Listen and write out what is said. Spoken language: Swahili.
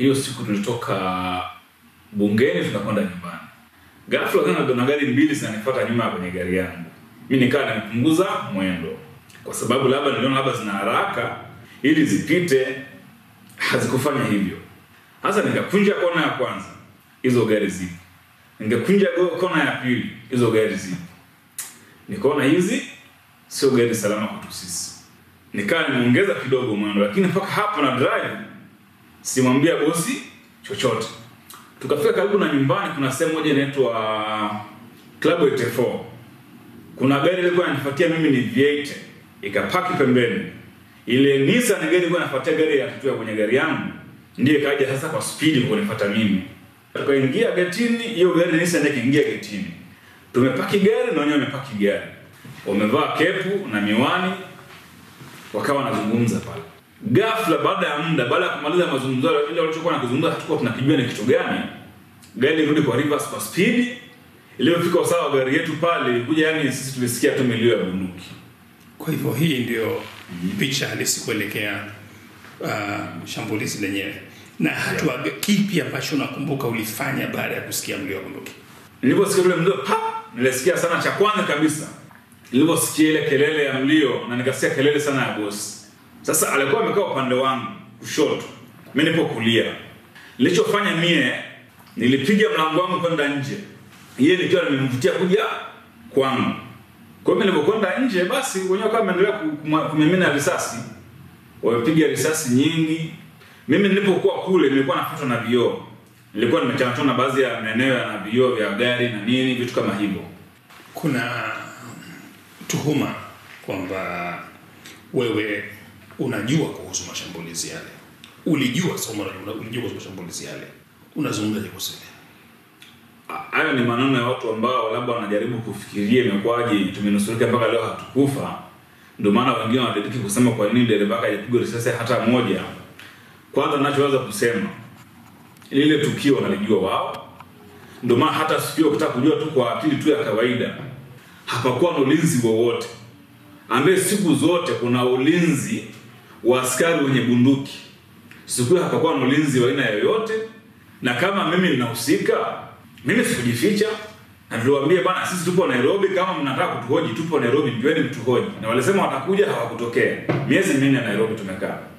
hiyo siku tulitoka bungeni tunakwenda nyumbani. Ghafla tena na gari mbili zinanifuata nyuma kwenye gari yangu. Mimi nikaa nimepunguza mwendo kwa sababu labda niliona labda zina haraka ili zipite, hazikufanya hivyo. Sasa nikakunja kona ya kwanza, hizo gari zipo. Ningekunja kona ya pili, hizo gari zipo. Nikaona hizi sio gari salama kwetu sisi. Nikaa nimeongeza kidogo mwendo, lakini mpaka hapo na drive simwambia bosi chochote. Tukafika karibu na nyumbani, kuna sehemu moja inaitwa Club 84. Kuna gari ilikuwa inanifuatia mimi ni V8, ikapaki pembeni. Ile Nissan gari ilikuwa inafuatia gari ya kutoka kwenye gari yangu, ndiye kaja sasa kwa speed kunifuata mimi. Tukaingia getini, hiyo gari Nissan ndiye kaingia getini. Tumepaki gari na wenyewe wamepaki gari, wamevaa kepu na miwani, wakawa wanazungumza pale. Ghafla baada ya muda, baada ya kumaliza mazungumzo yale, ile walichokuwa nakizungumza hatukuwa tunakijua ni kitu gani. Gari lirudi kwa reverse kwa speed. Iliyofika usawa gari yetu pale ilikuja, yani sisi tulisikia tu milio ya bunduki. Kwa hivyo hii ndio mm -hmm. picha halisi kuelekea uh, shambulizi lenyewe. Na hatua yeah. kipi ambacho unakumbuka ulifanya baada ya kusikia mlio wa bunduki? Niliposikia ule mlio pa, nilisikia sana, cha kwanza kabisa niliposikia ile kelele ya mlio na nikasikia kelele sana ya bosi sasa alikuwa amekaa upande wangu kushoto, mimi nipo kulia. Nilichofanya mie, nilipiga mlango wangu kwenda nje, yeye nikiwa nimemvutia kuja kwangu. Kwa hiyo nilipokwenda nje, basi wenyewe wakawa wameendelea kumimina risasi, wamepiga risasi nyingi. Mimi nilipokuwa kule, nilikuwa nafuatwa na vioo, nilikuwa nimechangatwa na baadhi ya maeneo yana vioo vya gari na nini, vitu kama hivyo. Kuna um, tuhuma kwamba wewe unajua kuhusu mashambulizi yale, ulijua somo la jumla, ulijua kuhusu mashambulizi yale, unazungumzaje kuhusu hayo? Ni maneno ya watu ambao labda wanajaribu kufikiria imekwaje tumenusurika mpaka leo hatukufa. Ndio maana wengine wanadediki kusema kwa nini dereva hajapigwa risasi hata moja. Kwanza ninachoweza kusema lile tukio wanalijua wao, ndio maana hata sikio ukitaka kujua tu kwa akili tu ya kawaida, hapakuwa na ulinzi wowote, ambaye siku zote kuna ulinzi wa askari wenye bunduki, siku hiyo hapakuwa na ulinzi wa aina yoyote, na kama mimi ninahusika, mimi sikujificha na niliwaambia, bwana, sisi tupo Nairobi, kama mnataka kutuhoji, tupo Nairobi, mjueni mtuhoji. Na walisema watakuja, hawakutokea. Miezi minne Nairobi tumekaa.